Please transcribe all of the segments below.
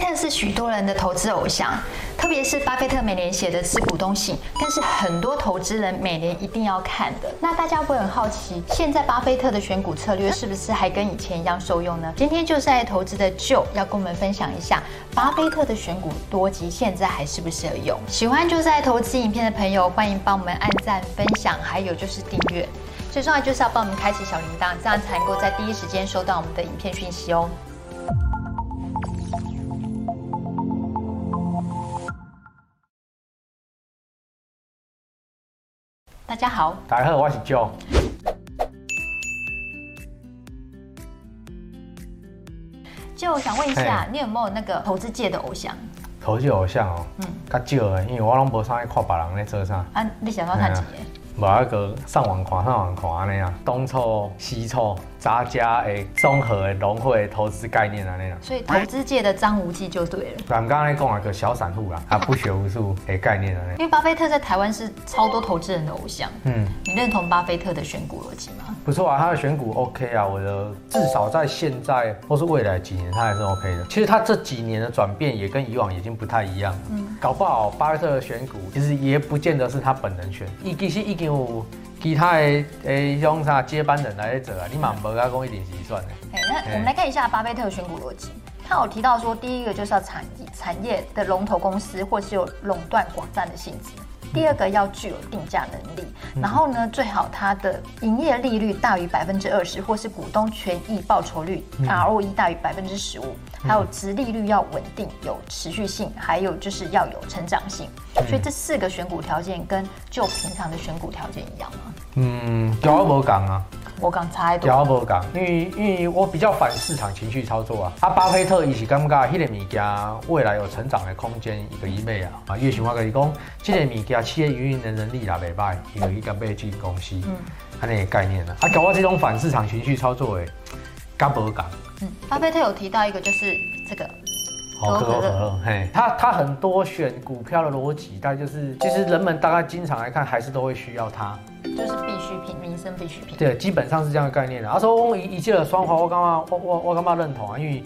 巴菲特是許多人的投資偶像，特別是巴菲特每年寫的致股東信，更是很多投資人每年一定要看的。那大家會很好奇，現在巴菲特的選股策略是不是還跟以前一樣受用呢？今天 Joe 是嗨投資的 Joe 要跟我們分享一下巴菲特的選股多極，現在還適不適合用？喜歡 Joe 是嗨投資影片的朋友，歡迎幫我們按讚、分享，還有就是訂閱。最重要就是要幫我們開啟小鈴鐺，這樣才能夠在第一時間收到我們的影片訊息哦、喔。大家好，大家好，我是 Joe。就想問一下，你有沒有那個投資界的偶像？投資偶像哦、喔，嗯，較少的、欸，因為我都無啥愛看別人在做啥。啊，你喜歡看誰？無啊個，啊沒有個上網看，上網看那樣、啊、東瞅西瞅。雜家誒，綜合融匯投資概念那、啊、所以投資界的張無忌就對了。咱們剛才講了個小散戶啊， 他不學無術，誒，概念的那。因為巴菲特在台灣是超多投資人的偶像，嗯，你認同巴菲特的選股邏輯嗎、嗯？不錯啊，他的選股 OK 啊，我的至少在現在或是未來幾年，他還是 OK 的。其實他這幾年的轉變也跟以往已經不太一樣嗯，搞不好巴菲特的選股其實也不見得是他本人選，一定是已經有。其他的誒，像啥接班人來做啊？你蠻無阿講。一點計算的。哎，那我們來看一下巴菲特選股邏輯。他有提到說，第一個就是要產業產業的龍頭公司，或是有壟斷、寡佔的性質。第二個要具有定價能力，嗯，然後呢，最好它的營業利率大於百分之二十，或是股東權益報酬率，嗯、ROE 大於百分之十五，還有殖利率要穩定有持續性，還有就是要有成長性。所，嗯、以這四個選股條件跟就平常的選股條件一樣嗎？嗯，有啊，無啊。我講差一點，因為因為我比較反市場情緒操作啊。啊巴菲特也是感覺，這些物件未來有成長的空間，一個意味啊。啊，越秀我可以講，這些物件企業營運的能力也拜有一個一個買進公司，嗯，啊那概念啦，啊。啊，搞我這種反市場情緒操作的，嗯，巴菲特有提到一個，就是這個。可口可樂，嘿，他他很多選股票的邏輯，大概就是其實、就是、人們大概經常來看，還是都會需要它，就是必需品，民生必需品。對，基本上是這樣的概念的。阿叔一一切的雙花，我幹嘛，我我幹嘛認同啊？因為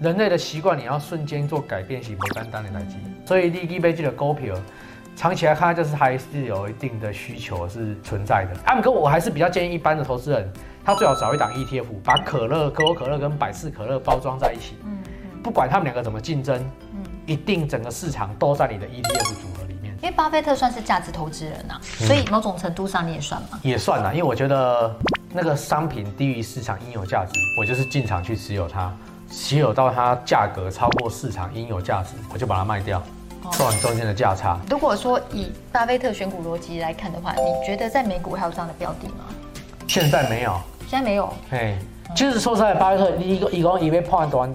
人類的習慣，你要瞬間做改變沒，型不單單的來及。所以，利低杯基的高撇，長期來看就是還是有一定的需求是存在的。阿姆哥，我還是比較建議一般的投資人，他最好找一檔 ETF，把可樂、可口可樂跟百事可樂包裝在一起。嗯不管他們兩個怎麼競爭，嗯，一定整個市場都在你的 ETF 組合裡面。因為巴菲特算是價值投資人吶、啊嗯，所以某種程度上你也算嗎？也算吶，因為我覺得那個商品低於市場應有價值，我就是進場去持有它；持有到它價格超過市場應有價值，我就把它賣掉，賺、哦、中間的價差。如果說以巴菲特選股邏輯來看的話，你覺得在美股還有這樣的標的嗎？現在沒有，現在沒有。哎，就、嗯、是說實在，巴菲特一個一共一萬八千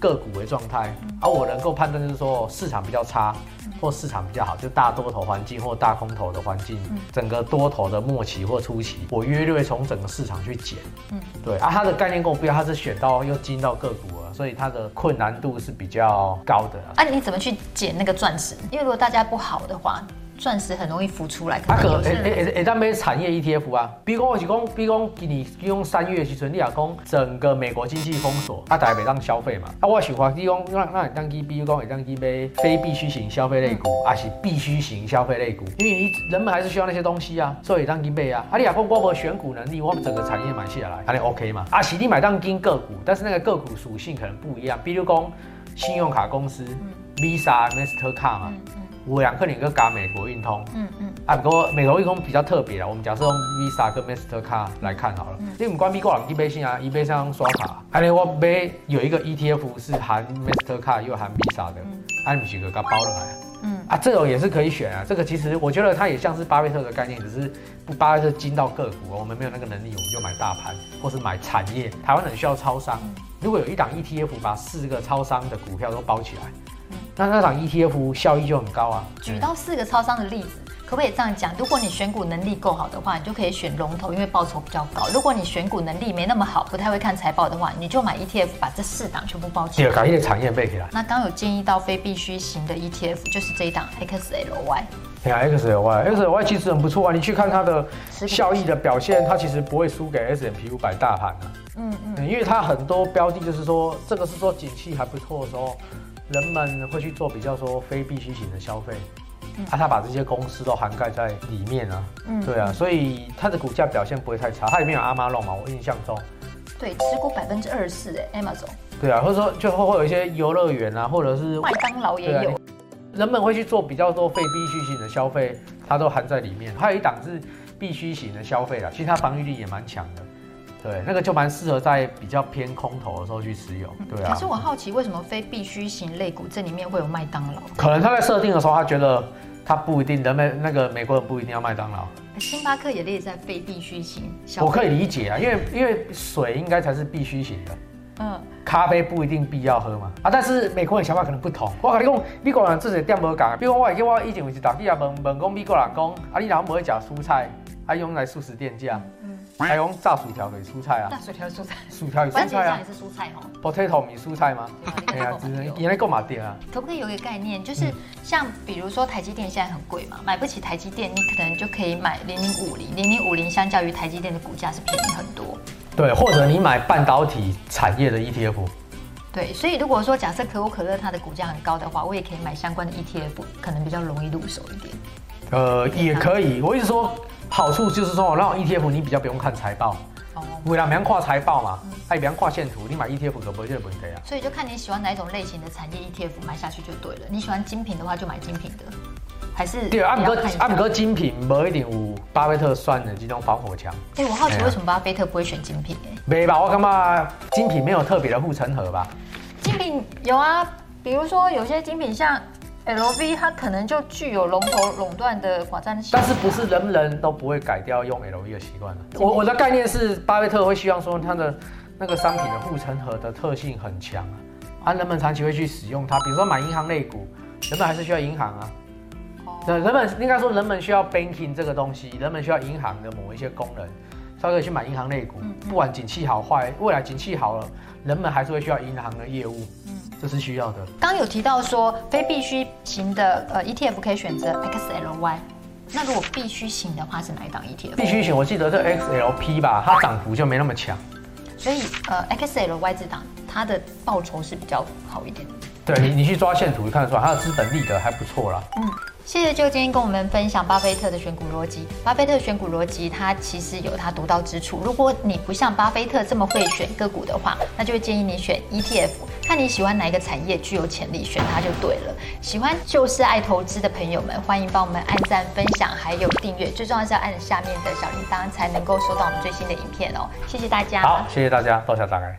個股為狀態，而、嗯啊、我能夠判斷就是說市場比較差、嗯，或市場比較好，就大多頭環境或大空頭的環境、嗯，整個多頭的末期或初期，我約略從整個市場去撿、嗯。對啊，它的概念跟我不一樣，它是選到又進到個股了，所以它的困難度是比較高的。啊你怎麼去撿那個鑽石？因為如果大家不好的話。鑽石很容易浮出來。可是，誒誒誒，當、欸欸欸、產業 ETF 啊。比如說我講你用三月去存你雅整個美國經濟封鎖，啊，代表當消費嘛。啊，我想你 B 工，讓讓當金 B 工，當金貝非必需型消費類股，啊、嗯、是必需型消費類股，因為人們還是需要那些東西啊，所以當金貝啊。啊你雅宮，我沒有選股能力，我整個產業買下來，阿你 OK 嘛？啊，是你買當金個股，但是那個個股屬性可能不一樣，比如講信用卡公司，v i s a Master 卡嘛。嗯 Visa, 我兩克兩個咖，美國運通。嗯嗯，啊，不過美國運通比較特別了。我們假設用 Visa 跟 Master Card 來看好了，因為我們關閉過往 eBay 上啊，eBay 上刷卡、啊。Anyway 有一個 ETF 是含 Master Card 又含 Visa 的 Anyway 它包了來啊、嗯。啊，這種、個、也是可以選啊。這個其實我覺得它也像是巴菲特的概念，只是不巴菲特精到個股、喔，我們沒有那個能力，我們就買大盤或是買產業。台灣很需要超商，嗯、如果有一檔 ETF 把四個超商的股票都包起來。嗯、那那檔 ETF 效益就很高啊！舉到四個超商的例子，嗯、可不可以這樣講？如果你選股能力夠好的話，你就可以選龍頭，因為報酬比較高。如果你選股能力沒那麼好，不太會看財報的話，你就買 ETF 把這四檔全部包起來。第二，行產業備起，那剛有建議到非必須型的 ETF 就是這一檔 XLY。你看 XLY，XLY 其實很不錯啊！你去看它的效益的表現，是是它其實不會輸給 S&P 500大盤、啊、嗯嗯，因為它很多標的就是說，這個是說景氣還不錯的時候。人們會去做比較說非必需型的消費、嗯，啊，他把這些公司都涵蓋在裡面啊、嗯，對啊，所以它的股價表現不會太差。它裡面有亞馬遜嘛，我印象中，對持股百分之二十四誒，Amazon。對啊，或者說就會會有一些遊樂園啊，或者是麥當勞也有。啊、人們會去做比較多非必需型的消費，它都含在裡面。還有一檔是必需型的消費啦，其實它防禦力也蠻強的。對，那個就蠻適合在比較偏空頭的時候去使用對啊、嗯。可是我好奇，為什麼非必需型類股，這裡面會有麥當勞？可能他在設定的時候，他覺得他不一定人，人們那個美國人不一定要麥當勞、欸。星巴克也列在非必需型。我可以理解啊，因為因為水應該才是必需型的。嗯。咖啡不一定必要喝嘛。啊，但是美國人想法可能不同。我跟你講，美國人自己點麼講？比如說我以前我去當，你也問問講美國人講，啊，你老母不會吃蔬菜，他、啊、用來素食店這樣還有炸薯條的蔬菜啊，炸薯條的蔬菜，薯條也、啊、也是蔬菜哦。Potato 你蔬菜嗎？哎呀，原來講買對啊， 對啊的。可不可以有一個概念，就是像比如說台積電現在很貴嘛、嗯，買不起台積電，你可能就可以買零零五零，零零五零相較於台積電的股價是便宜很多。對，或者你買半導體產業的 ETF。對，所以如果說假設可口可樂它的股價很高的話，我也可以買相關的 ETF，可能比較容易入手一點。呃，也可以。我一直說。好處就是說，那種 ETF 你比較不用看財報，哦，不然別樣跨財報嘛，還別樣跨線圖，你買 ETF 可不就是不贏的呀？所以就看你喜歡哪一種類型的產業 ETF 買下去就對了。你喜歡精品的話，就買精品的，還是對，安哥，安、啊、哥、啊、精品，沒一點五，巴菲特算的這種防火牆。哎、欸，我好奇為什麼巴菲特不會選精品、欸？哎，沒吧？我感覺精品沒有特別的護城河吧、哦？精品有啊，比如說有些精品像。L V 它可能就具有龍頭壟斷的寡佔性，但是不是人人都不會改掉用 L V 的習慣了？我我的概念是，巴菲特會希望說，他的那個商品的護城河的特性很強啊，啊，人們長期會去使用它。比如說買銀行類股，人們還是需要銀行啊。那人們應該說，人們需要 banking 這個東西，人們需要銀行的某一些功能，才可以去買銀行類股。不管景氣好壞，未來景氣好了，人們還是會需要銀行的業務。這是需要的。剛有提到說非必須型的呃 ETF 可以選擇 XLY，那如果必須型的話是哪一檔 ETF？必須型，我記得是 XLP 吧，它漲幅就沒那麼強。所以呃 XLY 這檔它的報酬是比較好一點。對，你、OK、你去抓線圖，看得出來它的資本利得還不錯啦。嗯，謝謝 Joe 今天跟我們分享巴菲特的選股邏輯。巴菲特的選股邏輯它其實有它獨到之處。如果你不像巴菲特這麼會選個股的話，那就建議你選 ETF。看你喜歡哪一個產業具有潛力，選它就對了。喜歡就是愛投資的朋友們，歡迎幫我們按讚、分享，還有訂閱。最重要是要按下面的小鈴鐺，才能夠收到我們最新的影片哦、喔。謝謝大家。好，謝謝大家，多謝大家。